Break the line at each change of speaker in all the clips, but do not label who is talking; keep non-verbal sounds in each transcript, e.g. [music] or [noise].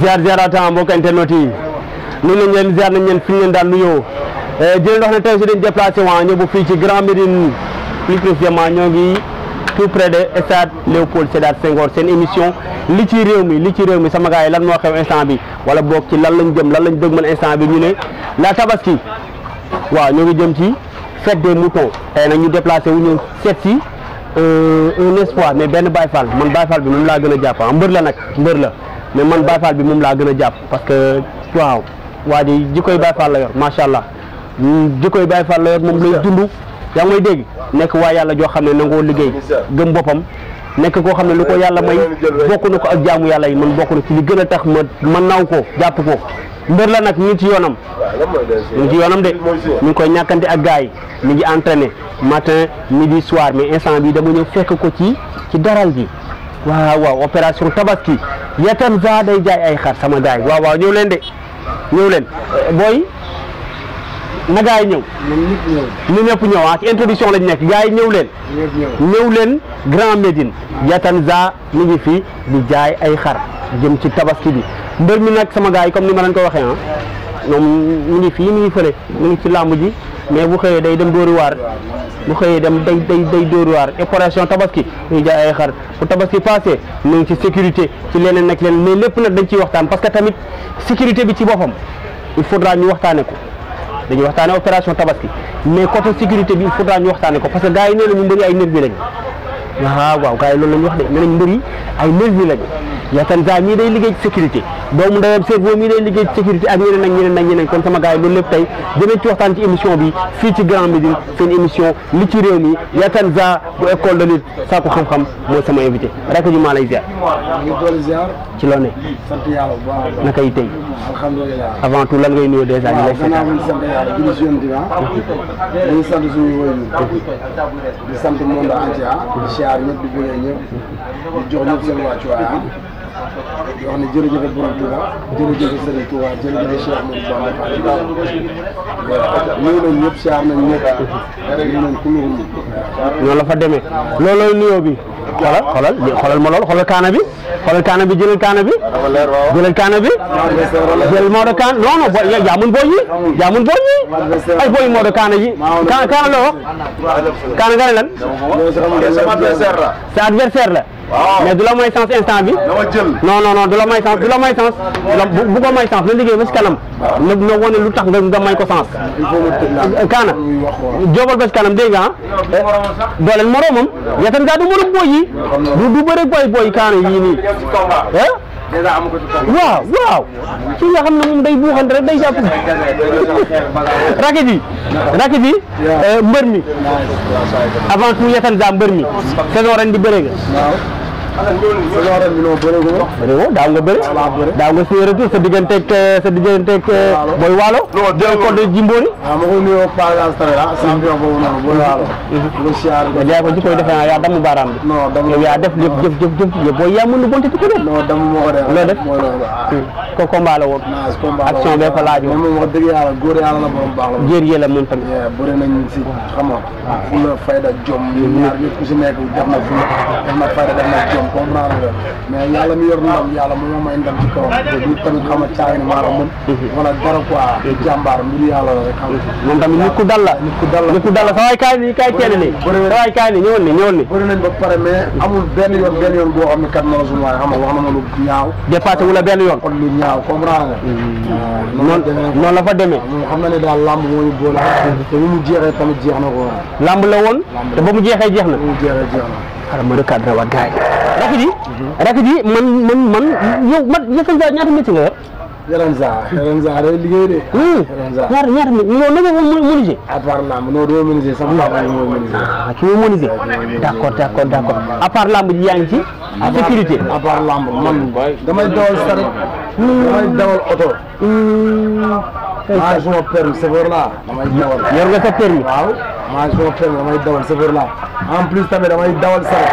ziar ziarata mbokk internet yi nuyu nañ leen ziar nañ leen fi ñu leen daan nuyoo eh, di leen wax ne tey si dañ déplacé waa ñëw fii ci Grand Médine plus précisément ñoo ngi tout près de stade Léopold Sédar Senghor seen émission li ci réew mi li ci réew mi sama gars yi lan moo xew instant bi wala boog ci lan lañ jëm lan lañ dëgmal instant bi ñu ne la tabaski waaw ñoo ngi jëm ci fête des moutons tey nag ñu déplacé wu ñëw seet si Euh, un espoir mais benn Baye Fall man Baye Fall bi moom laa gën a jàpp ah mbër la nag mbër la mais man Baye Fall bi moom laa gën a jàpp parce que waaw waa ji jikkoy Baye Fall la yor macha allah hmm, jikkoy Baye Fall la yor moom lay dund yaa ngi may dégg nekk waa yàlla joo xam ne nangoo liggéey gëm boppam nekk koo xam ne lu ko yàlla may bokk na ko ak jaamu yàlla yi man bokk na ci li gën a tax ma ma naw ko jàpp ko mbeur la nak ñu ci yonam
ñu ci yonam de ñu koy
ñakanté ak gaay ñu ngi entraîner matin midi soir mais instant bi dama ñew fekk ko ci ci daral bi waaw waaw opération tabaski yatam za day jaay ay xar sama gaay waaw waaw ñew leen de ñew leen boy na gaay ñew ñu ñep ñew ak introduction lañ nek gaay ñew leen ñew leen grand medine yatam za ñu ngi fi di jaay ay xar jëm ci tabaski bi mbër mi nag sama gars yi comme ni ma leen ko waxee ah moom mu ngi fii mu ngi fële mu ngi ci làmb ji mais bu xëyee day dem dóori waar bu xëyee dem day day day dóori waar opération tabaski muy jaay ay xar bu tabaski passé mu ngi ci sécurité ci leneen nag leneen mais lépp nag dañ ciy waxtaan parce que tamit sécurité bi ci boppam il faut a ñu waxtaane ko dañuy waxtaane opération tabaski mais côté sécurité bi il faudra ñu waxtaane ko parce que gars yi nee nañu mbëri ay nervi lañu waaw ah waaw gars yi loolu la ñu wax de nee nañ mbëri ay nervi lañu Yatanza mii dey liggéey ci sécurité doomu ndeyam Servot mii day liggéey ci sécurité ak ñeneen ak ñeneen ak ñeneen kon sama gars yi lépp tey dinañ ci waxtaan ci émission bi fii ci Grand Médine seen émission li ci réew mi Yatanza bu école de lutte sàkku xam-xam mooy sama invité rakk ji maa ci loo ne. sant yàlla bu baax naka yi tey. alhamdulilah avant tout lan ngay nuyoo dèjà ñu lay. waaw gannaaw ñu sant yàlla di ah. sant suñu woy di sant monde entier ah. yoo xam ne jërëjëf borom Touba jërëjëf Serigne Touba jërëjëf Cheikh Ahmadou Bamba Fall nuyu nañ ñëpp siyaar nañ la fa demee loolooy nuyoo xoolal ma lool xoolal kaana bi xoolal kaana bi jëlal kaana bi jëlal kaana bi jël Maodo kaana non non booy jaamun booy yi jaamun booy yi ay booy Maodo kaana yi kaana loo kaana nga lan sa adversaire la mais du la may sens instant bi. non non non du la may sens du la may sens. bu bu ko may na liggéey ba si na na wane lu tax nga nga may ko sens. kaana jóobal ba si kanam dégg nga ah. Eh, dooleel moromam. yaakaar naa du moroom booy yi. du du bëre booy booy kaana yii nii. Eh? dèjà amagatu taw. waaw waaw kii nga xam ne moom day buuxante rek day jàpp. raket yi. raket yi eh, mbër mi. avant tout yetal daa mbër mi. saison ren di bëree nga. looloo bëriwoo daaw nga bëri. daaw nga séeréer sa digganteeg sa digganteeg. booy waalo. non déedéet ko de Jimbori. waaw ma ko nuyoo Pazaz Tawela. champion boobu noonu booy waalo. lu siyaar nga jaay ko ci koy defe naa yaa damm baaraam bi. non damm yow yaa def jëf jëf jëf jëf lu bonte ci ko def. non damm moo ko def. woon. action bee ko laajoo. moom wax dëgg yàlla góor yàlla la borom baax la. jéer la tamit. na fu la def na fayda ndam comprendre nga mais yàlla mi yor ndam yàlla mu ma may ndam ci kawam te du tamit xam nga caay na maanaam mën wala dara quoi jàmbaar mbir yàlla la rek xam nga moom tamit nit ku dal la nit ku dal la nit ku dal la sa waay kaay nii kaay teel nii sa waay kaay nii ñëwal nii ñëwal nii bëri nañ ba pare mais amul benn yoon benn yoon boo xam ne kat na la suñu waay xam nga wax na ma lu ñaaw dépassé wu la benn yoon kon lu ñaaw comprendre nga mm. ah, noonu la fa demee xam na ne daal lamb moo ñu boole ah. te mu jeexee tamit jeex na ko lamb la woon te ba mu jeexee jeex na xaaral ma recadré waat gars yi. rakk ji. Mhm. rakk ji man man man yow man yow sëñ Ba ñaata métier nga yor. Yaranza Yaranza day liggéey de. Hmm. Yaranza ñaar ñaar yow na nga woon menuisier. à part lamb non ji yaa ngi ci. sécurité à maa ngi sama permis chauffeur laa damay dawal. yor nga sa permis. waaw maa ngi sama permis damay dawal chauffeur laa en plus tamit damay dawal saret.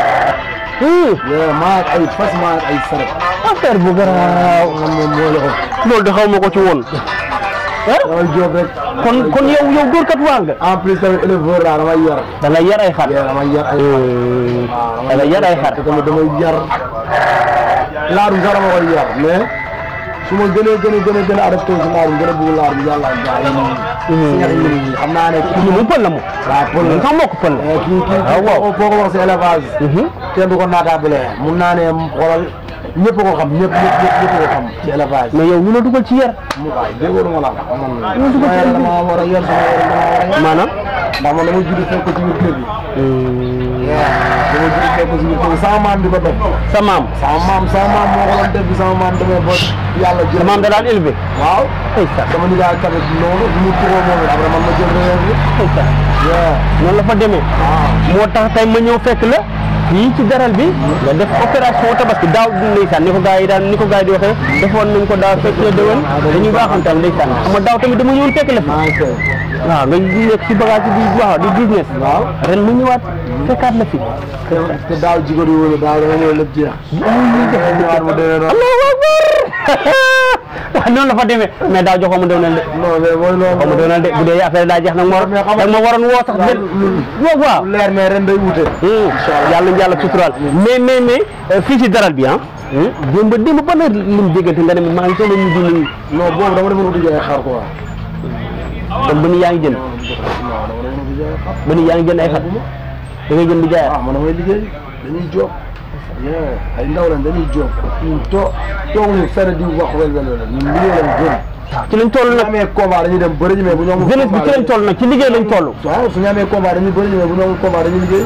yooyu maa ngi ay fas maa ngi ay saret. affaire bu garaaw man moom moo la ëpp. loolu de xaw ma ko ci woon. Ah? Eh? damay jóob rek. kon kon yow yow góorkat waa nga. en plus tamit éleveur laa damay yar. da ngay yar ay xar. damay yar ay xar. Eh. da ngay yar ay xar. tamit damay yar. laarum sax dama koy yar mais. su ma gënee gën a gën a gën a adapté si laarum gën a bëgg laarum yàlla jaay ñi xam naa ne kii mu pël la moom waaw pël la sax mokk pël la si eh, ah, élevage mhm. kenn du ko naataabale mun naa ne xoolal ñëpp ko xam ñëpp ñëpp ñëpp ko xam ci dugal ci yer mu dama war a yer dama maanaam ndax man fekk ci biir kër waaw dama fekk suñu tool sama maam di ko def. sa maam sama maam sama maam moo ko doon def bi sama maam demee ba yàlla jël. sa maam da daan élevé. waaw. ay sa dama ni daal tamit noonu bu mu tuxoo moom it après man ma jël réew mi. ay sa waaw noonu la fa demee. waaw ah. moo tax tey ma ñëw fekk la. yii ci garal bi nga def opération tabaski daaw ndeysaan ni ko gars yi daan ni ko gars yi di waxee defoon nañ ko daaw fekk la déwén dañuy baaxam tam ndeysaan xam nga daaw tamit dama ñëwoon fekk la fi waaw nga nekk ci bagage bi waaw di business waaw ren mu ñëwaat fekkaat la fi te daaw jigéen yi wala [laughs] noonu la fa demee mais daaw joxoo ma doonal de. non mais mooy loolu xaw ma doonal de bu dee affaire daa jeex na ma war a ma waroon woo sax dëgg. waaw leer mais ren day wute. Hmm. yàlla na yàlla suturaal mais mais mais euh, fii si daral bi ah. Hmm? démb démb ban heure lim déggante nga ne ma maa ngi soog a mujj nii. non boobu dama demoon uti jaay ba ni yaa ngi jënd. ba ni yaa ngi jënd ay xar. da ngay di jaay. waaw ah, man damay liggéey dañuy jox. ay ndaw lañ dañuy jóg ñun too toogul fenn di wax wel wel wel ñun liggéey lañ gën ci lañ toll na amee combat dañuy dem bëri ñu mais bu ño amul jeunesse bi ci lañ toll nag ci liggéey lañ toll waaw suñu amee combat dañuy bëri ñu ñu amul combat dañuy liggéey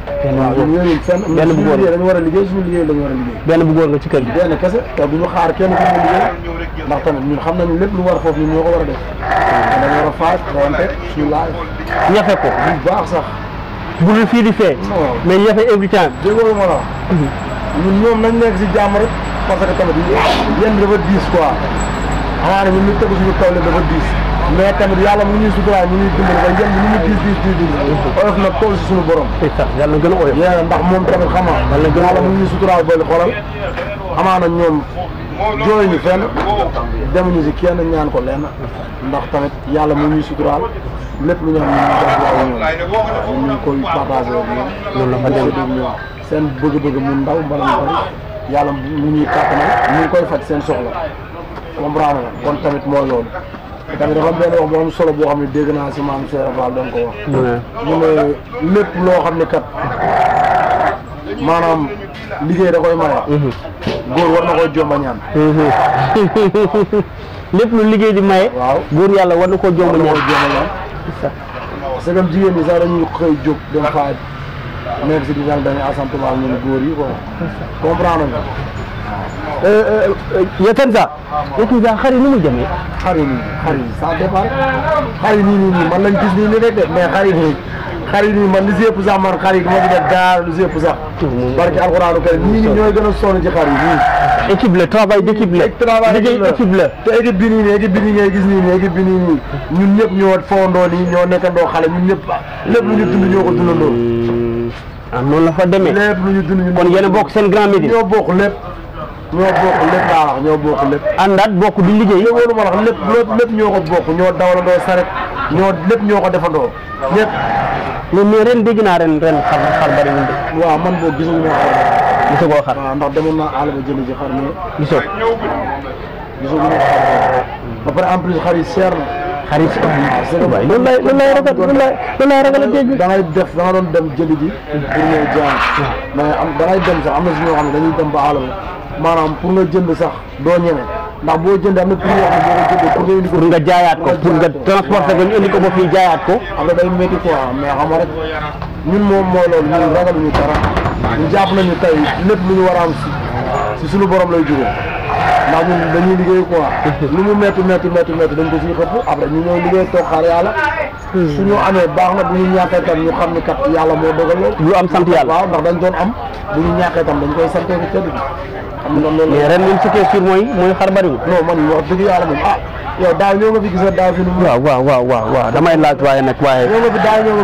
benn bu góor la benn bu góor la benn bu góor nga ci kër gi. benn kese te du ñu xaar kenn ku ñu liggéey ndax tamit ñun xam nañu lépp lu war foofu ñun ñoo ko war a def. da nga war a faaj wante suñu laaj. ñafe ko bu baax sax. bu dul fii di fee. mais ñafe every time. déggoo ma la ñun ñoom nañ nekk si jàmm rek parce que tamit yéen dafa diis quoi xanaa ne ñun ñu tegu suñu kaw dafa diis. mais tamit yàlla mu ñuy suturaay mu ñuy dimbali ba njënd ñu ñu diis diis diis diis oyof nag tool si suñu borom yàlla gën a oyof ndax moom tamit xam nga yàlla mu ñuy suturaay ba xoolal amaana ñoom jooy ñu fenn demuñu si kenn ñaan ko lenn ndax tamit yàlla mu ñuy suturaal lépp lu ñu xam ne ñu ngi koy partagé ak ñoom loolu la ma dégg ñoom seen bëgg-bëgg mu ndaw mbala mu bari yàlla mu ñuy kàttanal mu ngi koy faj seen soxla comprendre la kon tamit mooy loolu danga dafa benn wax bu solo boo xam ne dégg naa si maam Cheikh Fall doon ko wax mu ne lépp loo xam ne kat maanaam liggéey da koy maye góor war na koy jomba ñaan [laughs] lépp lu liggéey di maye waaw góor yàlla war na koo jomba ñaan parce que jigéen ñi sax dañuy xëy jóg dem faaj nekk si di ñaan dañuy asantuma ak ñun góor yi quoi comprendre nga Yakanza. Yakanza xar yi nu mu demee. xar yi nii xar yi ça dépend nii man lañ gis nii nii rek de mais xar yi nii man li si ëpp man xar yi ma ci def daal lu si ëpp sax. barki alxuraanu kariim nii a sonn ci xar yi nii. équipe la travail d' équipe bi nii nii équipe bi nii gis nii nii bi nii nii ñun ñëpp ñoo fowandoo nii ñoo nekkandoo xale ñun ñëpp lépp lu ñu dund ñoo ko dundandoo. ah lu ñu dund ñu. kon yéen bokk seen grand midi ñoo ñoo bokk lépp laa wax ñoo bokk lépp àndaat bokk di liggéey wóolu ma wax lépp lépp ñoo ko bokk ñoo dawalandoo saret ñoo lépp ñoo ko defandoo ñëpp mais mais ren dégg naa ren ren xar xar bari ñu dégg waaw man boo gisagu ma xar gisagoo xar waaw ndax demoon naa àll ba jëli ji xar mais gisoo gisaguma xar ba pare en plus xar yi seer na xarit loolu lay loolu lay ragal loolu a dégg da ngay def da doon dem jëli ji pour ñëw jaay mais am da ngay dem sax am na si ñoo xam ne dañuy dem ba àll maanaam pour nga jënd sax doo ñeme ndax boo jëndee am na prix yoo xam ne boo jëndee pour nga jaayaat ko pour nga transporter ko ñu indi ko ba fii jaayaat ko am na day métti quoi mais xam nga rek ñun moom mooy loolu ñun ragaluñu dara ñu jàpp nañu tey lépp lu ñu war a am si si suñu borom lay jógee ndax ñun dañuy liggéey quoi [laughs] lu mu métti métti métti métti dañ ko siy xëpp après ñu ñëw liggéey toog xaar yàlla hmm. suñu amee baax na bu ñu ñàkkee tam ñu xam ni yàlla moo dogal loolu lu sant yàlla waaw ndax dañ doon am bu ñu tam dañ koy santee ko tëdd xam nga ren li ñu sikkee sur mooy mooy xar bariwul non man wax dëgg yàlla moom ah yow daaw ñoo nga fi gis daaw waaw damay laaj waaye nag waaye ñoo nga fi daaw ñoo nga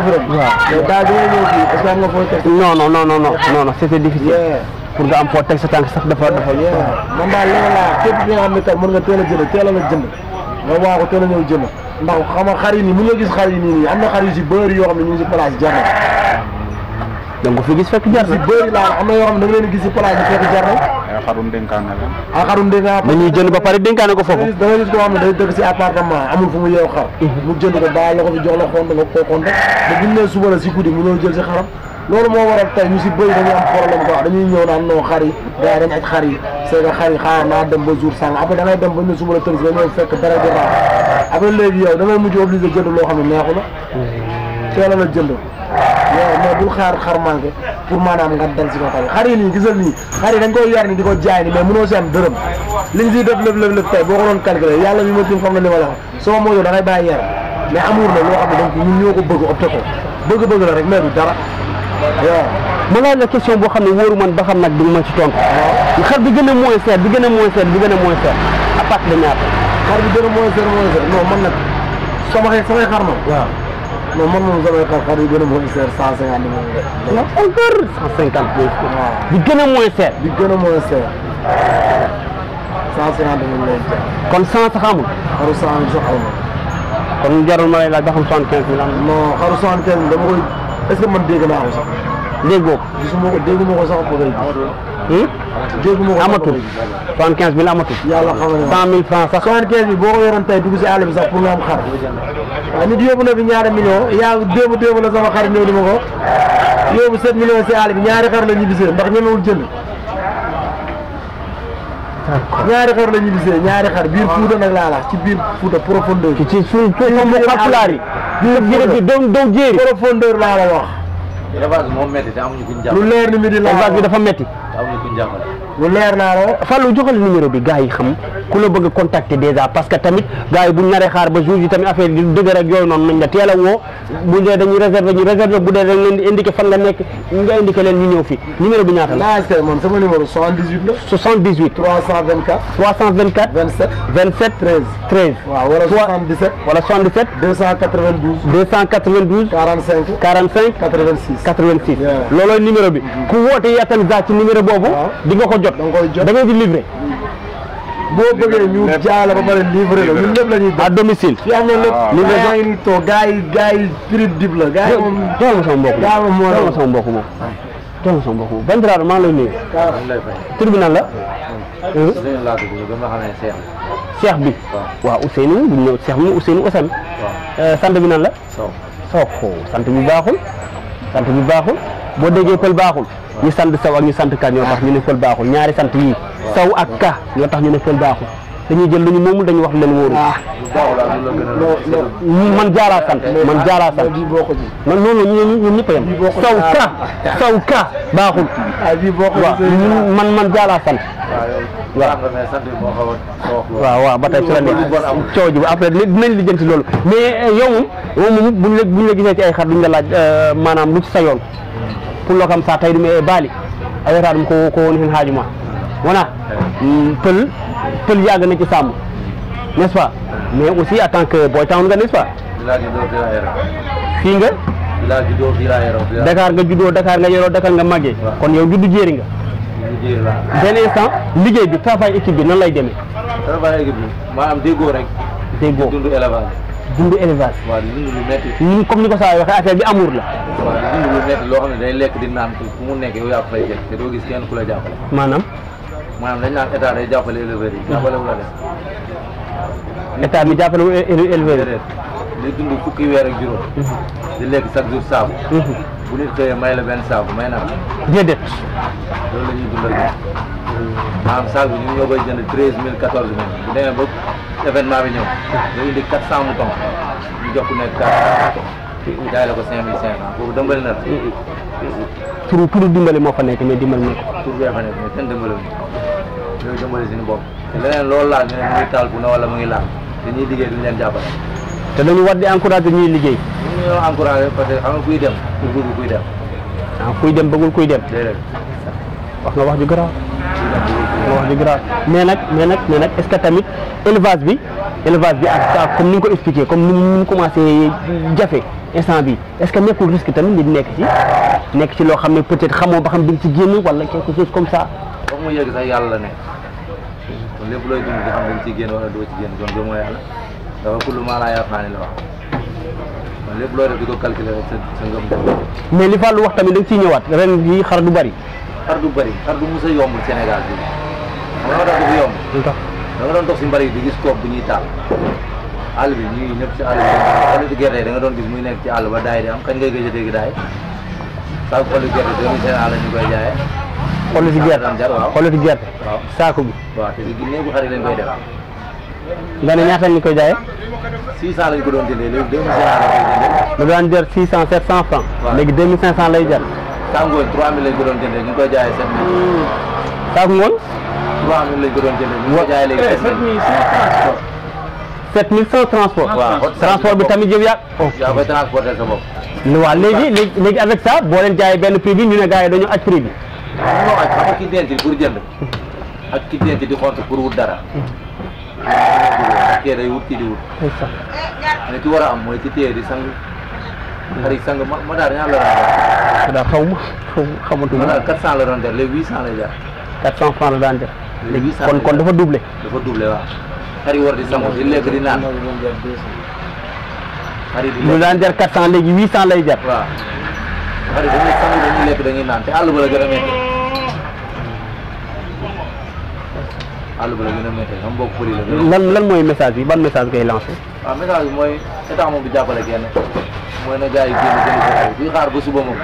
fi nga fi est-ce que am nga fooy teg c'est difficile pour nga am foo teg sa tànk sax dafa dafa. man a leneen laa képp ki nga xam ne tam mën nga teel a jënd teelal a jënd nga waa ko teel a ñëw jënd ndax xam nga xar yi nii mu nga gis xar yi nii am na xar si bëri yoo xam ne ñu ngi si place jàmm donc fi gis fekk jar na. bëri laa am na yoo xam ne da nga leen gis si place bi fekk jar na.
ay xarum dénkaane
la. ay xarum dénkaane. na ñuy jënd ba pare dénkaane ko foofu. da ngay gis koo xam ne day dëkk si appartement amul fu mu yeew xar. Mhm. mu jënd ko bàyyi la ko fi jox la xonte nga koo xonte te bu ñu nee suba la si guddi mënoo jël si xaram loolu moo waral tey ñu si bëri dañuy am problème quoi dañuy ñëw naan non xar yi gars yi dañ aj xar yi c'est que xar yi xaar naa dem ba jour sàng après da ngay dem ba ñu suba la tënk nga ñëw fekk dara di baax après léegi yow da ngay mujj obligé jënd loo xam ne neexu la
mhm.
teel a la jënd yow mais bul xaar xar manqué pour maanaam nga denc ko tamit yi nii gisal nii xar yi dañ koy yar ni di ko jaay ni mais mënoo si am dërëm liñ siy def lëf lëf lëf tey boo ko doon calculer yàlla mi ma tim xam nga li ma la wax soo da ngay bàyyi yar mais ne ma laaj la question boo xam ne wóoru man ba xam nag du ma ci tontu xar bi gën a moins bi gën a moins cher bi gën a moins cher à partir de ñaata bi gën a moins cher man nag sama xee samay xar ma لو من زمان قريب منهم سير ساسين يعني من أكبر ساسين كان بيس بيجنا مو سير بيجنا مو سير ساسين يعني من كل سنة تخامل خرسان زحمة كل جار المال لا دخل سان كان في الأمر ما خرسان كان لما هو اسم من بيجنا عاوز déggoo ko. gisuma ko dégguma ko sax ba léegi. Hmm? dégguma ko amatul. soixante-quinze mille amatul. yàlla xam na cent mille francs sax. soixante-quinze mille boo ko yoroon tey dugg si àll bi sax pour nga am xar. waaw nit yóbbu na fi ñaari millions yaa démb démb la sama xar ñëw di ma ko yóbbu sept millions si àll bi ñaari xar la ñu bisee ndax ñemewul jënd. ñaari xar la ñu bisee ñaari xar biir Fuuta nag laa la ci biir Fuuta profondeur. ci ci suuf mu xapulaar yi. biir Fuuta doom doom jéeri. profondeur laa la wax.
élevage bi moo métti te amuñu ku ñu jàpp. lu leer ni mi di la élevage bi dafa métti. amuñu ku ñu jàppale.
lu leer naa la Fallou joxal numéro bi gars yi xam ku la bëgg contacter dèjà parce que tamit gars yi bu ñu naree xaar ba jour yi tamit affaire yi dëgër ak yooyu noonu nañ la teel a woo bu dee dañuy réserver ñu réserver bu dee dañ leen di indiqué fan nga nekk nga indiqué leen ñu ñëw fi numéro bi ñaata la. naa seet moom sama numéro 78 78. 324. 324. 27. 27. 13. 13. waaw wala 77. wala 77. 292. 292. 45. 45. 86. 86. loolooy numéro bi ku woote yaatal gaa ci numéro boobu. di nga ko jot da ngay di livré. boo bëggee ñu jaala ba pare livré la ñun lépp la ñuy def à domicile. fii am na lépp ah. livraison yi toog gars yi gars yi prix dib la. gars yi moom tool ma sama mbokk moom tool ma sama mbokk moom. tool ma sama mbokk moom Bandiraado maa ngi lay nuyu.
tur bi nan la. Ah.
Ousseynou
laa dugg ba ma xamee
Cheikh bi. Cheikh bi waaw Ousseynou bu ñëw Cheikh bi Ousseynou Ousane. Euh, sant bi nan la. Sow Sow sant bi baaxul. sant bi baaxul boo déggee pël baaxul. ñu sant saw ak ñu sant ka ñoo tax ñu ne fël baaxul ñaari sant yii saw ak ka ñoo tax ñu ne fël baaxul dañuy jël lu ñu moomul dañuy wax leen wóoru ah. man jaaraa sant man jaaraa sant man noonu la ñun ñëpp a yem saw ka saw ka baaxul ah, waaw man man jaaraa sant
waaw waaw waaw ba tey su la neex
coow ji ba après dinañ lijjanti loolu mais eh, yow moom moom buñ la buñ la gisee ci ay xar duñ la laaj euh, maanaam lu ci sa yoon pullo kam sa tawi ɗum e bali a wiyata dum ko ko woni hen haaju ma wona pel pel yaga na ci sam n'est ce pas mais aussi en tant que boy town nga n'est ce pas fi nga
la dira dakar
nga juddoo dakar nga yero dakar nga magge kon yow juddu jeri nga benn instant liggéey bi travail équipe bi nan lay démé
travail équipe bi ma am dégo rek dégo dund élevage
dund élevage.
waaw dund lu métti.
comme ni ko saa waxee affaire bi amour la.
waaw lu métti loo xam ne day lekk di naan fu mu nekk yow yaa ko fay jël te doo gis kenn ku la jàppale. maanaam. maanaam dañ naan état day jàppale éleveurs yi. jàppale wu la de.
état mi jàppale
dund fukki weer ak juróom. Mhm. di lekk chaque jour saabu. Mhm. bu nit xëyee may la benn saabu may naa la. déedéet. loolu la ñuy dundal maanaam saabu ñu ñoo koy jënd treize mille quatorze mille bu demee ba. événement bi ñëw nga indi quatre cent moutons ñu jox ku nekk quatre cent jaay la ko cinq mille cinq cent boobu dëmbali na la mm-hmm. Mm-hmm.
turu dimbali moo fa nekk mais dimbali ñu ko
tur bee fa nekk mais kenn dimbali ñu ñooy dimbali suñu bopp leneen loolu laal ñu ne mu ngi taal bu na wala mu ngi laal te ñuy liggéey duñu leen jàppale
te dañu war di encouragé ñuy liggéey
ñu ñoo encouragé parce que xam nga kuy dem pour bëggul kuy dem
ah kuy dem bëggul kuy dem déedéet wax wax dëgg mais nag mais nag mais nag est ce que tamit élevage bi élevage bi ak saaf comme ni nga ko expliqué comme ni mu commencé jafe instant bi est ce que nekkul risque tamit nit nek ci nek ci lo xamné peut être xamoo ba xam di ci génn wala quelque chose comme ça.
comme mu yëg sax yàlla la ne kon lépp looy dund di xam dañ ci génn wala do ci génn kon gëmoo yàlla dafa kullu maa laa yaqaani la wax kon lépp looy def di calculer rek sa sa
mais li Fallou wax tamit dañ ci ñëwaat ren gi xar du bari
xar du bari xar du mos yomb Sénégal bi Mengenai aku biom. Entah. Mengenai untuk simbari di disko bunyita. Albi ni nafsu albi. Kalau tu gerai dengan orang bismu ini kita alba dai dia. Amkan gaya gaya dia dai. Tahu kalau gerai tu ni saya alam juga jaya. Kalau tu gerai. Kalau tu gerai. Saku. Wah, tu gini aku hari lain kau dah.
Gane ñaata ni koy jaayee.
600 lañ ko doon jëndee léegi 2500 lañ koy jëndee. mu
daan jar 600 700 francs. waaw léegi 2500 lay jar.
sàngoon 3000 lañ ko doon jëndee ñu ngi koy jaayee 7000. saaku ngoon. trois mille lañ ko doon jëndee. ñu ngi ko jaayee léegi sept mille transport. bi tamit yow yaa. Oh, yaa koy transporter sa bopp.
avec ça boo leen jaayee benn prix bi ñu ne gars yi dañoo aj prix
ak ki denc di xont pour wut dara. kii day wut kii di a am mooy ki téye di sang. xarit sang ma ma daal ñaar la daan
def. daal xaw ma xaw ma xamatuma. ma daal 400 la doon def kon kon dafa doublé. dafa doublé waaw.
xar yi war di sangu di lekk di naan.
xar yi di lekk lu daan jar quatre cent léegi huit cent lay jar. ba
la gën a métti. àll ba a métti xam bokk
lan lan mooy message bi ban message ngay lancé.
message bi mooy état moom du jàppale kenn. mooy na gars yi génn jënd ko xar bi xaar ba suba moom.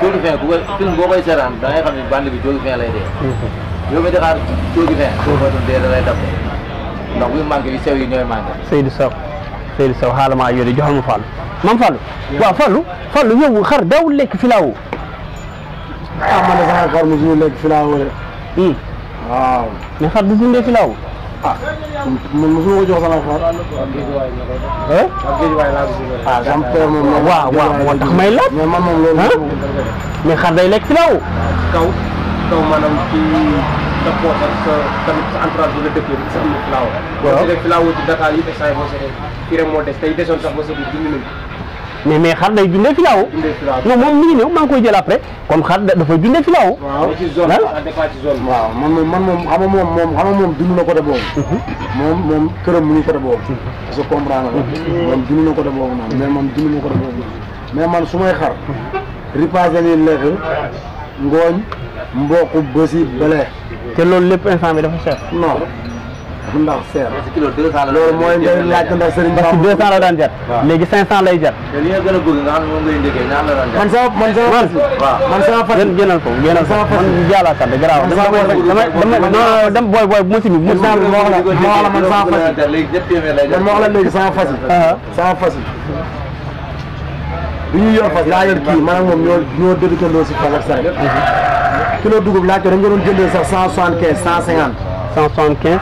Thiolou Fin film boo koy seetaan da ngay xam ne bande bi Thiolou Fin lay dee. Hmm. yow mi di xaar tuuti fee soo ko doon dee da lay dab ndox bu manqué yu sew yi ñooy manqué
Seydou Sow Seydou Sow xaalamaa yooyu joxal ma Fallou man Fallou waaw Fallou Fallou yow xar daawul lekk filaawo ah man de sax xar mosuñu lekk filaawo de hmm. waaw mais xar du dundee filaawo ah man mosuma ko jox sama xar ah sam père moom waaw waaw moo tax may laaj mais man moom loolu mais xar day lekk filaawo kaw taw maanaam ci sa poche ak sa euh, tamit sa entourage yi instant yii boo moo des tey desoon sa biir dund nañu. mais mais xar day dundee filaaw. dundee moom mi ngi ñëw maa ngi koy jël après kon xar dafa dundee filaaw. waaw ci zone ci zone waaw man moom man moom xam nga moom moom xam nga moom dund na côté boobu. Mhm. moom moom këram mu ngi côté boobu. moom mhm. mais mhm. moom dund na mais man su may xar. ripaas la ñuy lekk ngooñ mboq bësi bële. loolu lépp instant bi dafa cher. non dafa ndax cher.
kilo deux cent la loolu mooy ngay laajte ndax sëriñ parce que deux
cent la daan jar. léegi lay jar. te
li a la man sama man sama. waaw man sama fas. génnal ko génnal ko man jàllaa kat garaaw. man sama fas damay damay
man sama fas man sama fas. du ñu yor fas laa yor kii maanaam moom ñoo ñoo dëkkandoo si fas ak saret mhm. kilo dugub laa ko dañ ko doon jëndee sax cent soixante quinze cent cinquante cent soixante quinze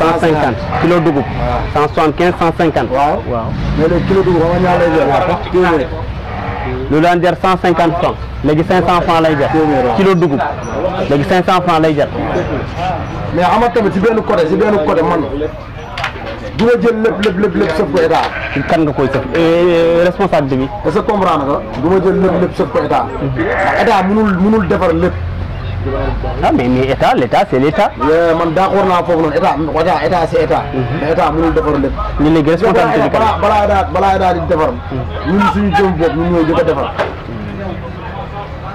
cent cinquante kilo dugub cent soixante quinze cent cinquante waaw waaw mais léegi kilo dugub xam nga ñaar lay jar cent cinquante franc léegi cinq cent lay jar kilo dugub léegi cinq cent franc lay jar mais xam nga si benn côté si benn côté man du ma jël lépp lépp lépp lépp ko état. kan nga koy sëf eh, responsable bi. est ce que comprendre nga du ma jël lépp lépp sëf ko état. ndax mm-hmm. mënul defar lépp. ah mais mais état l' état c' man daa xool naa foofu noonu état état état c' est état. Mm-hmm. mais état defar lépp. ñu léegi responsabilité bi balaa balaa daa balaa daa di defar. Mm-hmm. ñun suñu jëm bopp ñun ñoo jëkk a defar.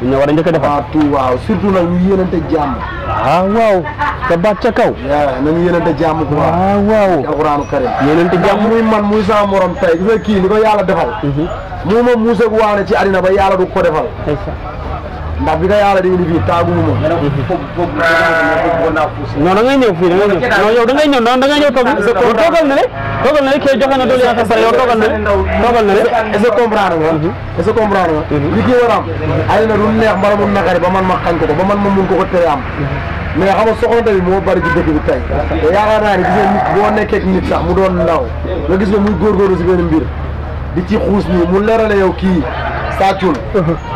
ñun ñoo war defar. waaw waaw surtout nag ñu yéenante jàmm. ah waaw. sa baat ca kaw. waaw nañu yéeneente jàmm bu baax. waaw waaw alxuraanu karim. yéeneente jàmm man mu sama morom tey gis nga kii ni ko yàlla defal. Mhm. mu ma muusag waane ci àddina ba yàlla du ko defal. ndax bi nga yàlla di indi fii taagu mu ma. Mhm. non da ngay ñëw fii da ngay ñëw non yow da ngay ñëw non da ngay ñëw toog yow na le toogal na le kii joxe na doole yaa pare yow toogal na le toogal na le est-ce que nga est-ce que comprendre nga mhm. li kii war a am na du ba man ma xañ ko ko ba man ma mun ko ko tere am mais xam nga soxante bi moo bari ci dëkk bi tey te yaakaar naa ne gis nga nit boo nekkee ak nit sax mu doon ndaw nga gis nga muy góorgóorlu si benn mbir di ci xuus nii mu leerale yow kii sàccul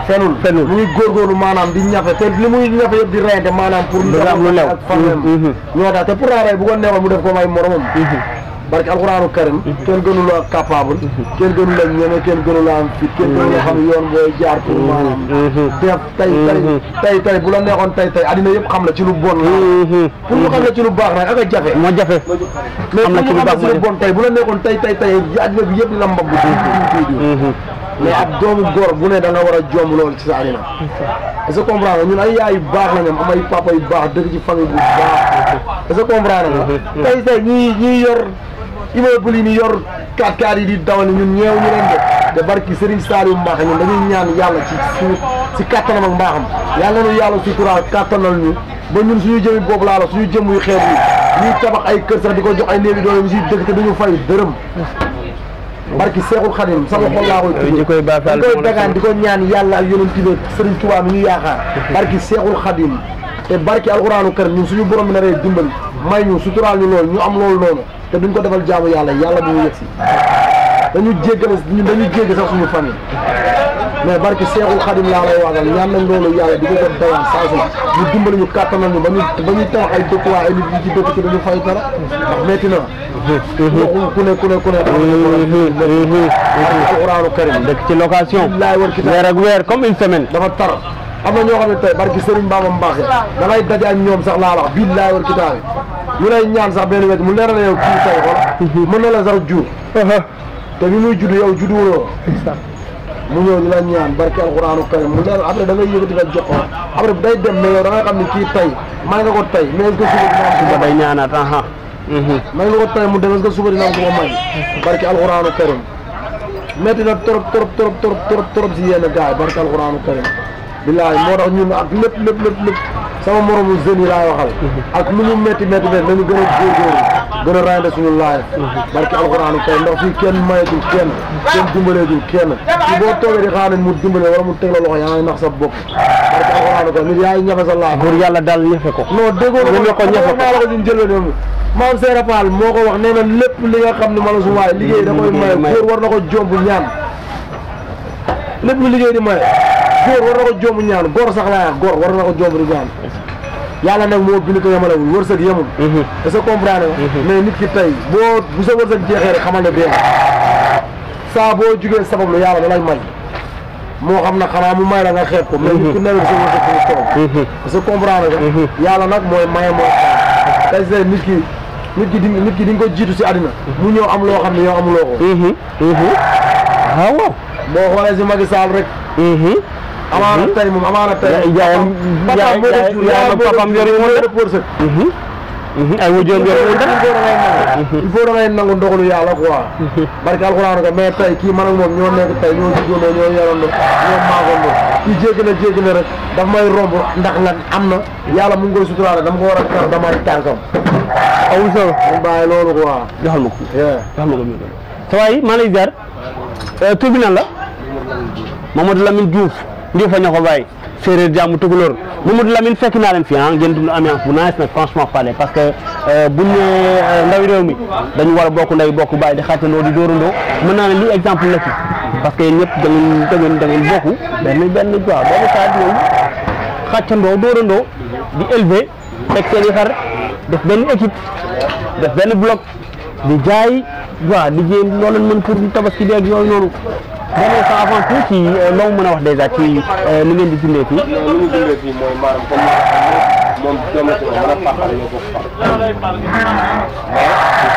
fenul fenul u ngi góorgóorlu maanaam di ñafe te li muy ñafe yëpp di reyante maanaam pour am lu lew
mm-hmm.
ñoo tax te pour ray bu ko neexoon mu def ko may moromam mm-hmm. barke alxuraanu karim mhm. kenn gënu la capable mhm. kenn gënu la ñeme kenn gënu la am fit kenn gënu la mhm. xam booy jaar pour maanaam def tey tey tey tey bu la neexoon tey tey addina yëpp xam la ci lu bon la pour ñu lu baax nag a jafe na jafe
mais pour ñu xam la ci lu
bon tey bu la neexoon tey tey tey addina bi yëpp di la mbab bi mais ab doomu góor bu ne da war a jomb loolu ci sa àddina est-ce que comprendre ñun ay yaay baax la ñoom am ay papa yu baax dëkk ci famille bu baax est-ce que comprendre yor immeuble yi ni yor kaat-kaat yi di dawal ñun ñeew ñu leen de te barki Serigne Saliou Mbaax ñun dañuy ñaan yàlla ci suñu si kattanam ak mbaaxam yàlla nu yàlla sutura kattanal ñu ba ñun suñu jëmi boobu laa la suñu jëm yu xeet yi ñuy tabax ay kër sax di ko jox ay néew yi doole ñu siy dëkk te duñu fay dërëm barki Seexul Xadim sama xol laa koy tudd di koy dagaan di ko ñaan yàlla ak yonent bi Serigne Touba mi ñu yaakaar barki Seexul Xadim te barki alxuraanu kër ñun suñu borom na ree dimbal may ñu am loolu noonu te duñ ko defal jaamu yàlla yàlla bu mu yëg si dañu jéggal ñun dañu jégg sax suñu famille mais barki Seexul Xadim laa lay waxal ñaan nañ loolu yàlla di ko def dayaan saa su ñu dimbali ñu kàttanal ñu ba ñu ba ñu tax ay dëkkuwaay ay nit ñi ci dëkk ci dañu fay dara ndax metti na ku ne ku ne ku ne Alquraanu Karim dëkk ci location laay war ki weer ak weer comme une semaine dafa tar am na ñoo xam ne tey barki Sëriñ Bamba Mbaaxe da ngay daje ak ñoom sax laa wax billaay war kitaabi ñu lay ñaan sax benn wet mu leer la yow kii tey xool mën na la sax jur uh-huh. te bi muy juddu wuloo mu ñëw ñu la ñaan barke alxuraanu karim mu leer après da ngay yëkkati la jox après day dem mais yow da nga xam ne kii tey may nga ko tey mais est-ce uh-huh. mm-hmm. mu dem est-ce que suba dina am suba may barke alxuraanu karim metti trop trop trop trop trop trop si yenn gars yi barke alxuraanu karim bilaay moo tax ñun ak lépp sama moromu jeunes yi laay waxal ak lu mu métti métti métti nañu gën a góorgóorlu gën a rayante suñu laay barki alxuraanu kay ndax fii kenn mayetul kenn kenn dimbaleetul kenn su boo toogee di xaar mu dimbale wala mu teg la loxo yaa ngi nax sa bopp barki alxuraanu kay nit yaa ngi ñafe sa laay pour yàlla daal ñafe ko non déggoo ko ñafe ko la ko suñu jëlee ñoom maam Seera Fall moo ko wax nee na lépp li nga xam ne ma la su waay liggéey da koy maye góor war na ko jomb ñaan lépp lu liggéey di maye góor war na ko jomb ñaanu góor sax laa yàq góor war na ko jomb di ñaanu yàlla nag moo bind ko yemalewul wërsëg yemul mhm. est comprendre mhm. mais nit ki tey boo bu sa wërsëg jeexee rek xamal ne dee saa boo jugee sabab yàlla moo xam na xanaa mu may la nga xeeb ko mais nit ku newee sa wërsëg fu mu toog est-ce que mhm. nag mooy maye mooy tey see nit ki nit ki di nit ki di ko jiitu si àddina mu ñëw am loo xam ne yow amuloo ko ah, waaw boo xoolee si Macky rek amaana mhm. tey moom amaana tey. jaayam jaayam jaayam papaam yor yi moo yor wërsëg. Mhm. Mhm. ay wujjoon kii man ak moom ñoo nekk tey ñoo juggoonoo ñoo yaroon ñoo maagoon kii jéggi na jéggi na rek daf may romb ndax lan am na yàlla mu ngi koy ko war a kar dama di tànkam. aw sa mu bàyyi loolu quoi. joxal ma ko. joxal ma ko sa euh, la. Mamadou Lamine ndi fa ñoo ko bàyyi séeréer jàmm tukulóor Mamadou Lamine fekk naa leen fi ah ngeen dund ambiance bu nice nag franchement parler parce que euh, bu ñu nee euh, ndawi réew mi dañu war a bokk nday bokk bàyyi di xàccandoo di dóorandoo mën naa ne lii exemple la ci parce que yéen ñëpp da ngeen da ngeen da ngeen bokk benn benn quoi benn saa di ñoom xàccandoo dóorandoo di élever teg seen i xar def benn équipe def benn bloc di jaay waaw liggéey loolu mën pour tabaski beeg yooyu noonu beneen sa avant tout ci euh, loo mën a wax dèjà ci euh, ni ngeen di dundee fii. li ñu dundee fii mooy maanaam comme moom doomu si a fàqal ñoo ko fàq. mais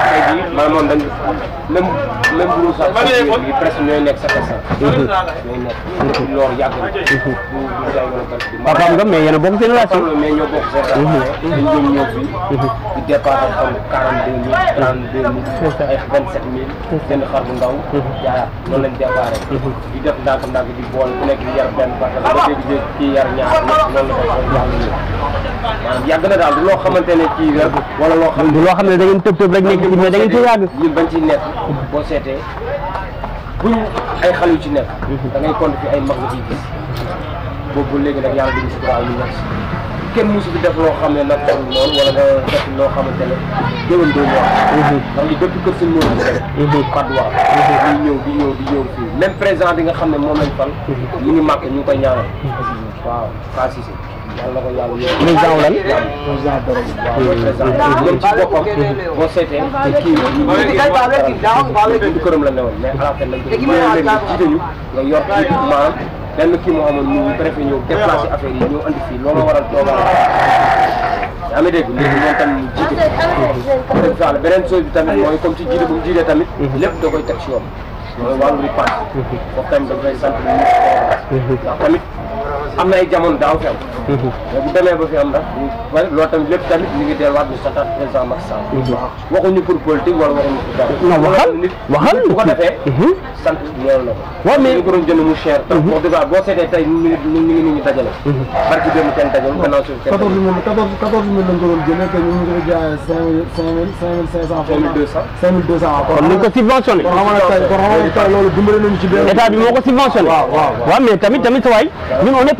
tey jii maanaam même bu ñu sax yi presque ñooy nekk sa kasa. ñooy nekk loolu yàgg na.
bu
papaam nga mais yéen a bokk génération. mais ñoo bokk génération. dañ mhm. doon ñëw fii. Mhm. di départ am 42 mille 32 mille. ay 27 mille. jënd xar bu ndaw. jaayaat mhm. noonu lañ déparé. di def ndànk-ndànk di boole ku nekk di yar benn bàttal ba dégg kii yar ñaar noonu la ko maanaam yàgg na daal du loo xamante ne kii rek. wala loo xam ne du loo xam ne da ngeen tëb tëb rek nekk ci mais da ngeen ci yàgg. ñun bañ ci nekk boo seet seetee buñ ay xale yu ci nekk. Mhm. da ngay compte fi ay mag la ciy boobu léegi nag yàlla dañu si baax ñu si kenn musu fi def loo xam ne nag toll noonu wala nga def loo xamante ne déwén doo ñëwaat. Mhm. ndax li depuis que suñu ñëw di dem. Padois. di ñëw di ñëw di ñëw bi nga xam ne moom lañ fal. ñu mhm. ngi màkk ñu ngi koy ñaanal. waaw Fatou président wu lan. président
Doro. waaw moom ci boppam. boo seetee te kii bi
la newoon mais à la fin lañ nga yor kii maanaam benn kii moo xamoon ñu préfet ñëw déplacé affaire yi ñëw andi fii looloo waral looloo waral. yaa ngi dégg léegi moom tamit jiite la beneen chose bi tamit mooy comme ci jiite bu mu jiitee tamit. lépp da koy teg ci yoon. mooy wàllu ripaas. kooku tamit da koy sant ministre. ndax tamit. am na ay jamono daaw fi am. Mhm. bu demee ba fi am ndax wala loolu tamit lépp tamit ñu ngi delluwaat ñu sotaat président Macky Sall. Mhm. waxuñu pour politique wala waxuñu pour dara. non waxal waxal bu ko defee. Mhm. sant loolu la ko. waaw mais ñu ko doon jënd mu cher. te wax dëgg boo seetee tey ñu ngi ñu ngi ñu ngi dajale. parce que démb kenn dajale gannaaw suuf kenn. 14 mille 14 14 mille lañ ko doon jëlee te ñu ngi ko jaayee 5000 5000 5500. 5200 waaw kon ni ko subventionné. kon xamal ne tey kon xamal ne tey loolu dimbale nañu ci benn. état bi moo ko subventionné. waaw waaw waaw mais tamit tamit sa waay ñun on est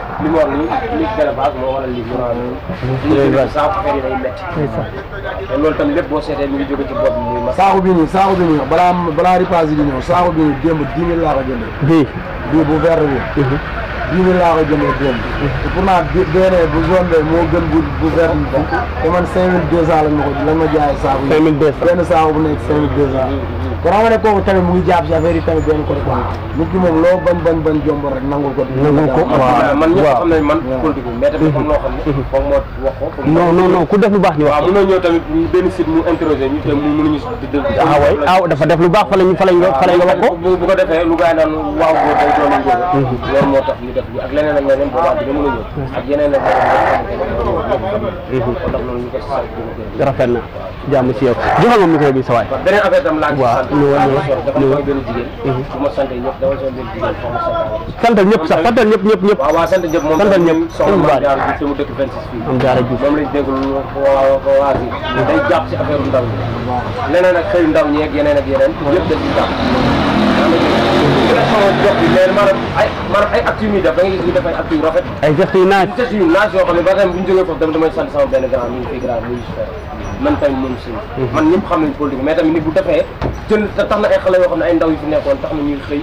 li mu war nii li élevage moo waral lii. waaw loolu la saako xel yi day métti. te loolu tamit lépp boo seetee mi ngi jóge ci bopp bi muy. saako bi nii saako bi nii balaa balaa ripaas yi di ñëw saako bi nii démb dix mille laa ko jëndee. bii bii bu vert bi. Mhm. diine laa ko jëmee démb. te pourtant déenee bu zone bee moo gën bu bu vert bi te man cinq mille deux cent lañ ma ko lañ ma cinq mille deux cent benn saako bu nekk cinq mille deux cent. kon mu ngi jàpp si affaire yi tamit benn côté tamit. ko. nangul ko waaw man ñëpp xam nañ man. politique mais mhm. ko. non non non baax ñu wax. waaw mënoo ñëw tamit benn site mu interroger ñu ah, ah, dafa def lu baax fa lañ fa lañ nga wax ko. bu ko defee lu jafe bi ak leneen ak leneen boobaa dina mën a ñëw ak yeneen ak leneen rafet na jàmm ci yow joxal ma micro bi sa waay beneen affaire tam laa waaw dafa am benn jigéen bu mhm. ma sant ñëpp dama sama benn jigéen foo ma sant santal ñëpp sax santal ñëpp ñëpp ñëpp waaw sant ñëpp moom santal ñëpp soxna Mame Diarra Diouf sama dëkk 26 fii Mame Diarra Diouf moom lañ déglu waa waa si day jàpp si affaire ndaw ñi leneen ak xëy ndaw ñi ak yeneen ak yeneen ñëpp dañ ci jàpp direction gox bi mais maanaam ay maanaam ay actes yu muy def da ngay gis ñu def ay actes yu rafet. ay gestes yu naaj gestes yu naaj yoo xam ne ba tey bu ñu jógee foofu dama damay sant sama benn grand mi ngi fi grand mi ngi si man tamit moom si man ñëpp xam nañ politique mais tamit nit bu defee jël te tax na ay xale yoo xam ne ay ndaw yu fi nekkoon tax na ñuy xëy.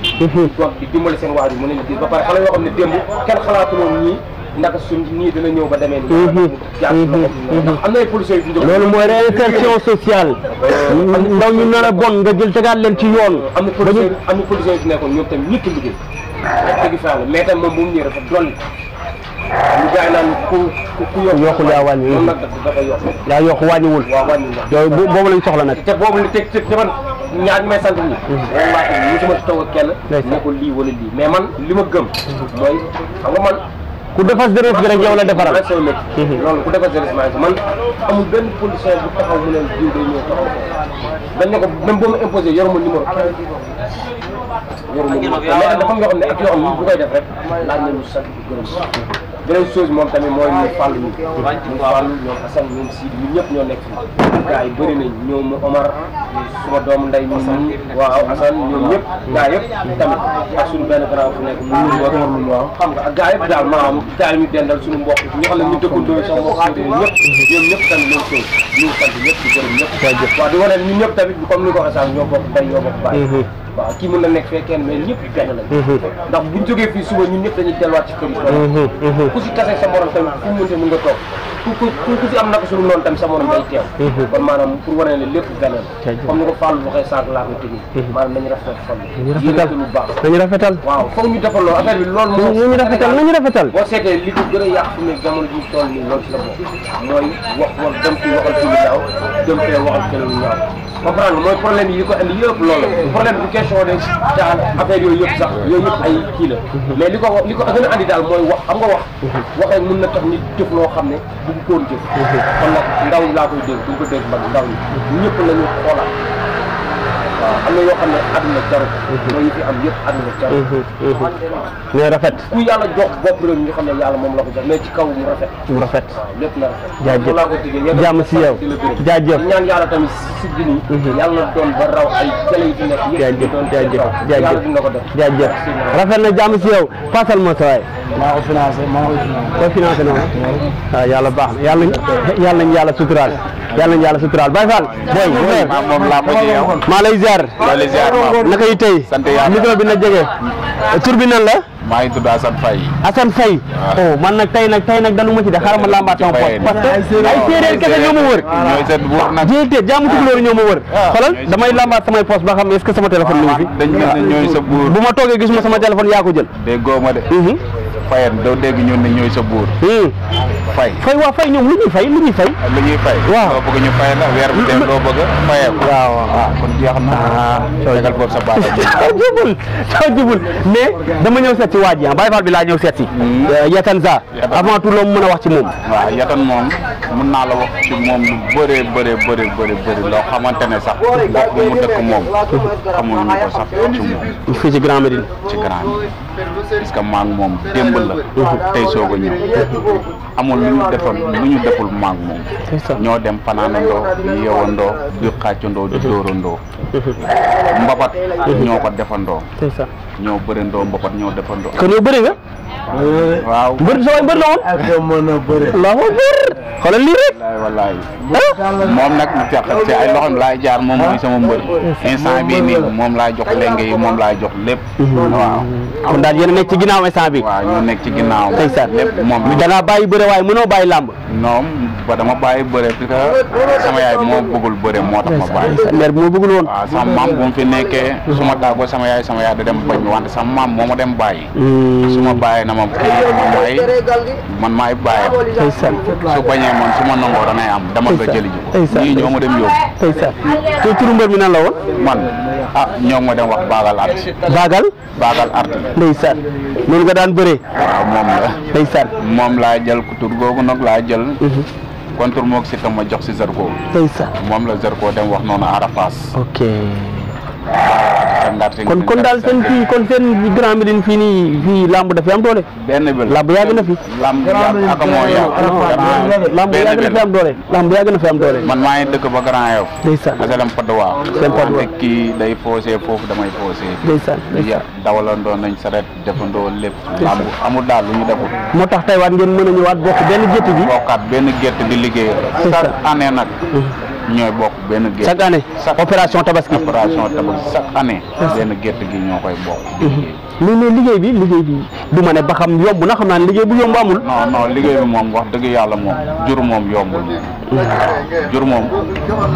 di dimbali seen waajur mën nañu gis ba pare xale yoo xam ne démb kenn xalaatuloon ñii naka suñ nii dina ñëw ba demee nii. Mhm. Mhm. Mhm. am na ay policiers yu loolu mooy réinsertion sociale. ndaw ñu nar a bon nga jël tegaat leen ci yoon. am na policiers am na policiers yu fi nekkoon ñoom tamit ñëpp liggéey. dëgg fa la mais tam moom bu mu ñëwee dafa dolli. ñu gars yi naan ku ku yokkul yaa wàññi moom nag yaa yokk wàññiwul. waaw wàññiwul boobu lañ soxla nag. te boobu li te man ñaar ñi may sant ñi. moom lii mais man li ma gëm. mooy xam nga man. ku defar jeunesse bi rek yow la defaral. loolu ku defar jeunesse bi man amul benn policier bu taxaw mu ne jiw day ñëw taxaw ko dañ ne ko même boo ma imposé yor ma numéro
yor ma numéro mais dafa
nga xam ne ak yoo xam ne bu koy def rek laaj nañu sant di gërëm beneen chose moom tamit mooy ñu fàllu ñu ñu fàllu ñoom Assane ñoom Sidi ñun ñëpp ñoo nekk fii gars yi bëri nañ ñoom Omar suma doomu nday ñu nii waaw Assane ñoom ñëpp gars yëpp tamit ak suñu benn grand fu nekk mu ñu waaw xam nga ak gars yëpp daal maanaam daal ñu dendal suñu mbokk ñoo xam ne ñu dëkkandoo sama mbokk séeréer ñëpp ñoom ñëpp tamit même chose ñu sant ñëpp di gërëm ñëpp waaw di wane ñun ñëpp tamit comme ni ko Assane ñoo bokk day ñoo bokk bàyyi mm-hmm. waaw kii mën na nekk fee kenn mais ñëpp benn lañ mm-hmm. ndax buñ jógee fii suba ñun ñëpp dañuy delluwaat ci kër yi
mm-hmm. ku si
tase sa morom tamit fu mu mën nga toog ku ku am naka suñu noonu tamit sa morom day teew mhm. kon maanaam pour wane ne lépp benn comme ni ko Fallou waxee sànq laa ko tëjee mhm. maanaam nañu rafetal xol yéene lu baax nañu rafetal waaw foog ñu defal loolu moo nañu rafetal nañu rafetal boo seetee li ko gën a yàq fu ne jamono ji toll nii loolu ci mooy wax wax dem ci waxal ci lu ñaaw dem fee waxal ci mooy problème yi ko indi yëpp loolu mhm. problème du question de te sax yooyu yëpp ay kii la li ko li a andi daal mooy wax xam nga wax wax rek na tax nit loo xam ne bung kun je đâu ko la ndaw chúng ko dégg bu ko dégg man ndaw ñëpp lañu xoolal waaw am na yoo xam ne àdduna jaru mhm. mooy yi fi am yëpp àdduna jaru mhm, mhm. rafet ku yàlla jox la ko jox mais ci kaw mu rafet mu rafet lépp na rafet laa ba raw ay jële yi fi nekk yëpp jaajëf yàlla dina fasal ma sawaay maa ko na waaw ah, yàlla baax na yàlla yàlla nañ yàlla suturaal yàlla nañ yàlla suturaal ziar. dolli ziar maam naka yi tey. sant yàlla micro bi na jege. tur bi nan la. maa ngi tudd Assane Faye. Assane Faye. Oh, man nag tey nag tey nag danu ma ci de ma làmbaat samay poche ba xam est sama téléphone mi ngi fi. bu ma toogee gis sama téléphone yaa ko jël.
déggoo fayal do deg ñun ne ñoy sa buur. fay fay wa fay ñoom lu ñuy fay lu ñuy fay. lu ñuy fay. wa bëgg ñu fay la wër bu dem loo bëgg fay wa wa ah, kon jeex na. ah tegal boobu sa
baax la. [laughs] jubul soo jubul mais dama ñëw seet waji waa ji ah bi la ñëw seet hmm. euh, Yatan Za avant tout lo mëna wax ci mom
wa Yatan mom mun naa la wax ci mom lu bëree bëree bëri bëri bëri lo xamantene sax gox mu dëkk mom xamul ñu ko sax ci mom fi ci Grand medine ci Grand Médine parce que mang mom moom jëmmal la tey soog a ñëw amul lu ñu defoon ñu deful maag moom ñoo dem fanaanandoo di yewandoo di xàccandoo di dóorandoo
mhm. mbapat mhm. ñoo ko
defandoo ñoo bërindoo mbapat ñoo defandoo kon yow
bëri nga waaw mbër sa waay mbër la woon. ak mën a bëri. allahu akbar xoolal
lii rek. wallaay ah. moom nag ay loxoom laay jaar moom mooy sama mbër. Ah. instant bii moom laay jox lenge yi moom laay jox lépp. Mm-hmm. waaw. kon daal yéen nekk ci ginnaaw instant bi waaw ñu nekk ci ginnaaw. tey sax
lépp moom la. danaa bàyyi bëre waaye mënoo bàyyi làmb.
non ba dama bàyyi bëre parce sama yaay moo bëggul bëre moo tax ma bàyyi.
mère bi moo bëggul woon.
sama maam bu fi nekkee. su ma tàggoo sama yaay sama yaay da dem bañ wante sama maam moo ma dem bàyyi.
Mm. su ma
bàyyi na maamam maay man maay bàyyi su bañee man su ma nangoo danay am dama nga jëli ji ñii ñoo dem yóbbu ndeysaan turu mbër mi nan la woon man ah ñoo ma dem wax baagal art baagal baagal art ndeysaan noonu nga
daan bëree waaw
moom laa jël ku tur googu nag laa jël kontur mhm. moog si tam ma jox si Zarko ndeysaan moom la Zarko dem wax noonu Arafas ah. kon kon daal
seen fii kon seen [laughs] grand bi fii nii fii làmb
dafa am doole. benn bi làmb a na fi. làmb yàgg
na fi am doole. man maa
ngi dëkk ba grand yow. ndeysaan asalam Patte d'Oie. seen Patte d'Oie kii day foosee foofu damay foosee.
ndeysaan ndeysaan
dawalandoo nañ saret defandoo lépp. làmb amul daal lu ñu deful. moo tax tey waat ngeen mën a ñëwaat bokk benn gétt bi. bokkaat benn gétt di liggéey. chaque année nag mm-hmm. ñooy bokk benn gerte chaque année opération tabaski opération tabaski mm-hmm. chaque année benn gerte gi ñoo koy bokk
mm-hmm. mais liggéey bi liggéey bi du ma ne ba xam yomb na xam liggéey bu yomb amul non non liggéey bi
moom wax dëgg yàlla moom jur moom yombul mm-hmm. jur moom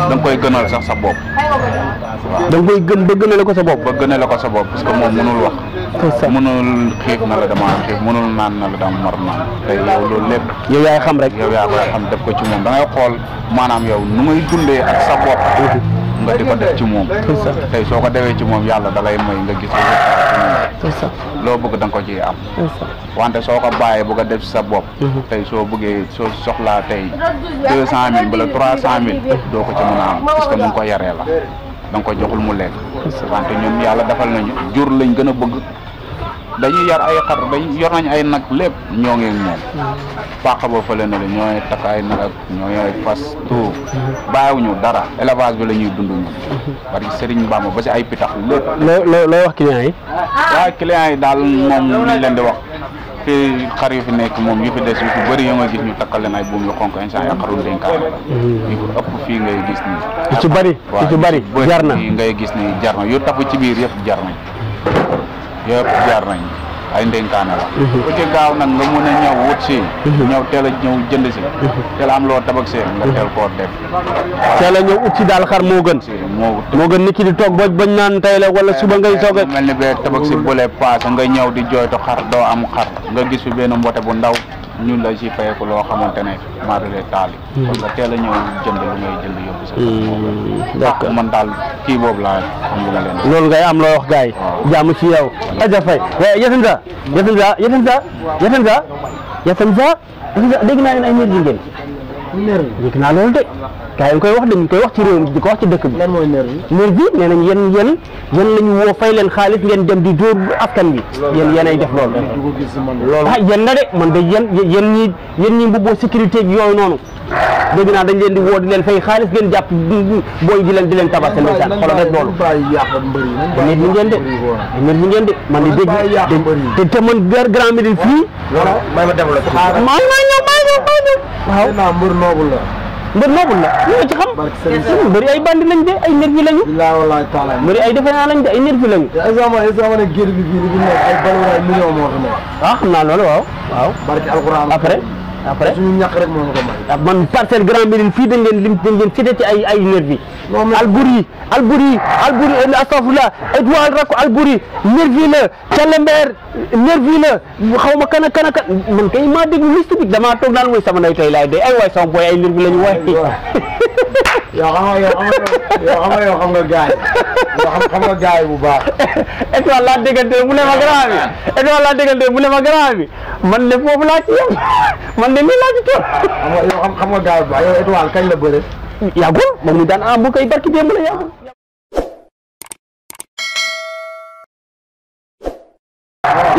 da nga koy gënal sax sa bop da nga koy gën ba gënale ko sa bopp ba gënale ko sa bop parce que moom mënul wax mënul xiif na la dama xiif mënul naan na la dama mar naan te yow loolu lépp yow yaay xam rek yow yaa koy xam def ko ci moom da ngay xool maanaam yow nu ngay dundee ak sa bopp nga di ko def ci moom tey soo ko defee ci moom yàlla dalay may nga gis résultat loo bëgg danga ko ciy am wante soo ko bàyyee bëgg a def sa bopp mm-hmm. tey soo bëggee soo soxlaa tey
deux cent mille wala trois cent mille
doo ko ci mën a am parce que ko yaree la da nga ko joxul mu lekk wante ñun yàlla defal nañu jur lañ gën a bëgg dañuy yar ay xar dañ yor nañ ay nag lépp ñoo ngi moom pàq ba fële na la ñooy takk ay nag ak ñooy fas tout bàyyiwuñu dara élevage bi la ñuy dund ñun parce que Serigne ba si ay pitax lépp
loo loo wax client yi
waaw client yi daal moom ñu leen di wax te xar yu fi nekk moom yu fi des yu fi bëri yoo nga gis ñu takkal leen buum yu xonk instant ya xarul dénkaan
mm-hmm. yu
ko ëpp fii ngay gis ni yu ci bëri yu ci bëri jar na ngay gis ni jar na yu tafu ci biir yëpp jar nañ yëpp jar nañ ay ndénkaane la mhm. ku ci gaaw nag nga mun a ñëw wut si mhm. ñëw teel a ñëw jënd si mhm. teel am loo tabax seen nga teel koo def
teel a ñëw ut si daal xar moo gën moo gën nit ki di toog ba bañ naan tey la wala suba ngay soog
a mel ni bee tabax si bële paase nga ñëw di jooytu xar doo am xar nga gis fi benn mbote bu ndaw ñun la si fayeeku loo xamante ne maa doon taali. Hmm. parce teel a ñëw jënd lu ngay jënd yóbbu sa. Hmm. d'accord man daal kii boobu laa
am lu ngay am loo wax gars yi. jàmm ci yow. aja fay eh, yëfin sa yëfin sa yëfin sa yëfin sa yëfin sa dégg naa ne ay nit yi yëg naa loolu de gars yi koy wax dañ koy wax ci réew mi di ko wax ci dëkk bi lan mooy nervi nervi nee nañ yéen yéen yéen lañu woo fay leen xaalis ngeen dem di dóor askan bi yéen yéenay def loolu ah yéen na de man de yéen yéen ñi yéen ñi mbubboo sécurité bi yooyu noonu dégg naa dañ leen di woo di leen fay xaalis ngeen jàpp booy di leen di leen tabax seen ndeysaan xoolal rek loolu nit ñi ngeen de nit ñi ngeen de man di dégg te man Grand Médine fii may ma développé maa maa ñëw
maa ñëw maa
ñëw waaw mbër noobul la mbër noobul la ñu ci xam mbëri ay bandi lañ de ay nervi lañu billahi wallahi taala mbëri ay defe naa lañ de ay nervi lañu exemple exemple gér bi bii ay baloraay million moo xam ne waaw xam naa loolu waaw waaw barke alxuraan après après eh? suñu ñàkk rek moo ñu ko may. Ah, man parcelle Grand Médine fii dañ leen lim dañ leen cité ci ay ay nervi yi. Albouri Albouri Albouri eh, astafurlah Edouard Rako Albouri nervi la Calember nervi la xaw ma kan ak kan ak kan man kay maa déglu liste bi damaa toog naan mooy sama nay tey laay de ay eh, sama booy ay nervi la ñu waay. yoo xam nga yoo xam nga yoo xam nga gaay yoo xam xam nga gaay bu baax. [laughs] étoile laa déggante mu ne ma grand bi ah. étoile ma grand bi. man de foofu laa ci yem man de lii laa ci toll. xam nga yow xam nga gars yi bu baax yow étoile kañ la bëre. yàggul moom ñu daan ah bu koy barki démb la yàggul.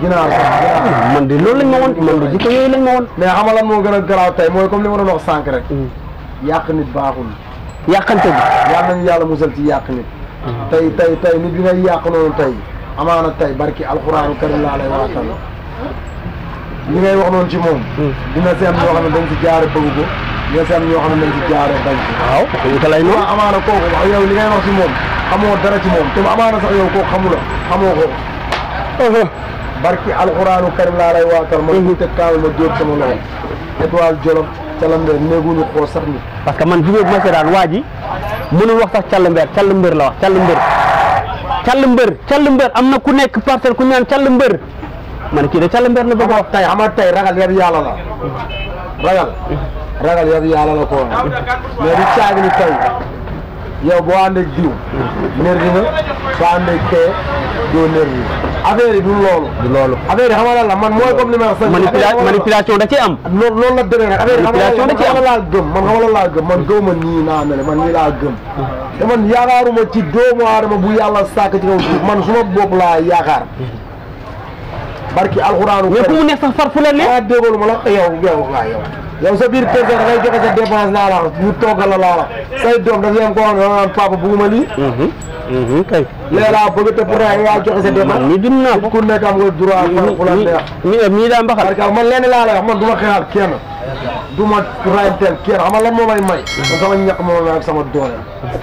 ginnaaw man de loolu lañ ma woon man de jikko yooyu lañ ma woon moo gën a garaaw tay mooy comme li ma doon wax sànq rek mm. yàq nit baaxul yàqante bi yal nañu yàlla musal ci yàq nit uh-huh. tey tey tey nit bi yàq noonu tey amaana tey barki alxuraan karim laa lay waatal li ngay wax noonu ci moom mm. dina si am ñoo xam ne dañ si jaare bëgg ko dina si am ñoo xam ne dañ si jaare bañ ko waaw te lay noonu li ngay wax ci moom dara ci moom te amaana sax yow kooku barki alxuraanu karim laa lay waatal ma dugg te kaamil ma jóob sama loxo étoile jolof calambeer néeguñu xoo sax ni parce que man vidéo bu ma seetaan waa ji mënul wax sax calambeer calambeer la wax calambeer calambeer calambeer am na ku nekk parcelle ku ñaan calambeer man kii de calambeer la bëgg wax tay xama tay ragal yar yàlla la ragal ragal yar yàlla la ko mais di caagi ni tay yow boo ànd ak diw nervi nga boo ànd ak kee doo nervi affaire yi du loolu du loolu affaire yi xamal la man mooy comme li may wax manipulation da ci am loolu loolu la demee nag affaire yi xamal la xamal laa gëm man xamal laa gëm man gëw ma nii naa mel man nii laa gëm te man yaakaaruma ci doomu aadama bu yàlla sàkk ci kaw suuf man suma bopp laa yaakaar barki alxuraanu mais ku mu nekk sax far fu la ne ah déggoo ma la yow yow waaw yow yow sa biir kër ga dangay joxe sa dépense laa la ñu toggal la laa la say doom daf leen ko wax ne maanaam lii. Mhm, mhm, kay. léegi laa bëgg te ay yaa joxe sa dépense. ñu dund naa ko ku nekk am nga ku la neex mi daan baxal. parce que man lenn laa lay wax man du ma xeexal kenn
du ma rayanteel kenn xam nga lan moo may may. man mhm. sama ñàkk moom la ak sama doole.